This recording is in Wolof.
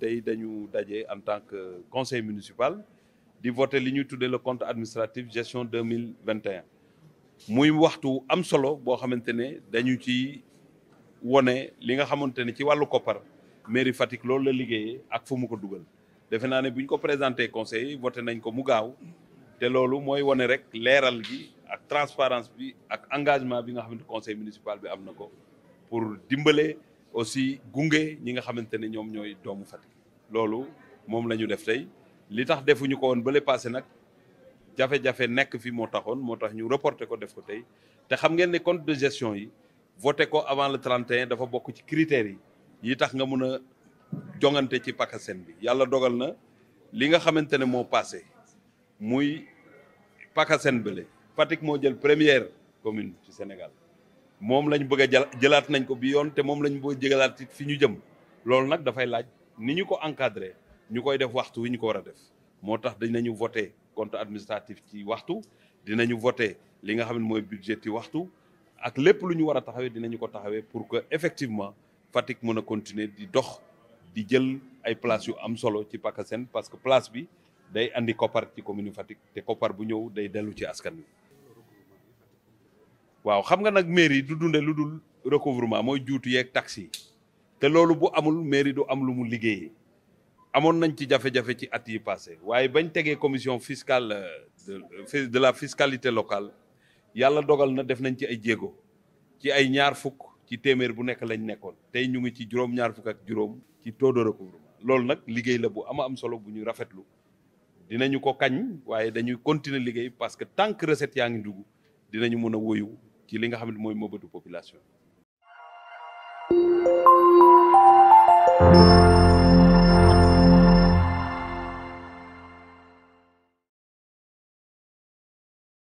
tey dañu daje en tant que conseil municipal di voter li ñuy tuddee le compte administratif gestion deux mille vingt et un muy waxtu am solo boo xamante ne dañu ci wone li nga xamante ne ci wàllu koppar mairie Fatick loolu la liggéeyee ak fu mu ko dugal defe naa ne bu ko présenté conseil voté nañ ko mu gaaw loolu mooy wane rek leeral gi ak transparence bi ak engagement bi nga xamante conseil municipal bi am na ko pour dimbale aussi gunge ñi nga xamante ne ñoom ñooy doomu Fatick loolu moom la ñu def tey li tax defuñu ko woon bële passé nag jafe-jafe nekk fi moo taxoon moo tax ñu reporté ko def ko tey te xam ngeen ne compte de gestion yi voté ko avant le 31 dafa bokk ci critères yi yi tax nga mun a jongante ci PACASEN bi yàlla dogal na li nga xamante ne moo passé Pakassène le Fatick moo jël première commune ci Sénégal moom lañ bëgg a jël jëlaat nañ ko bi yoon te moom lañ bëgg a jëlaat it fi ñu jëm lool nag dafay laaj ni ñu ko encadré ñu koy def waxtu wi ñu ko war a def moo tax dinañu voté compte administratif ci waxtu dina ñu voté li nga xam ne mooy budget ci waxtu ak lépp lu ñu war a taxawee dinañu ko taxawee pour que effectivement Fatick mën a continuer di dox di jël ay place yu am solo ci Pakassène parce que place bi day andi koppar ci commune Fatick te koppar bu ñëw day dellu ci askan waaw xam nga nag mairie du dunde lu dul recouvrement mooy juutu yeeg taxes te loolu bu amul mairie du am lu mu liggéeyee amoon nañ ci jafe-jafe ci at yi passé waaye bañ tegee commission fiscale euh, de de la fiscalité locale yàlla dogal na def nañ ci ay jéego ci ay ñaar fukk ci téeméer bu nekk lañ nekkoon tey ñu ngi ci juróom-ñaar fukk ak juróom ci taux recouvrement loolu nag liggéey la bu ama am solo bu ñu rafetlu dinañu ko kañ waaye dañuy continuer liggéey parce que tant que recette yaa ngi dugg dinañu mën a woyu ci li nga xam ne mooy mëbatu population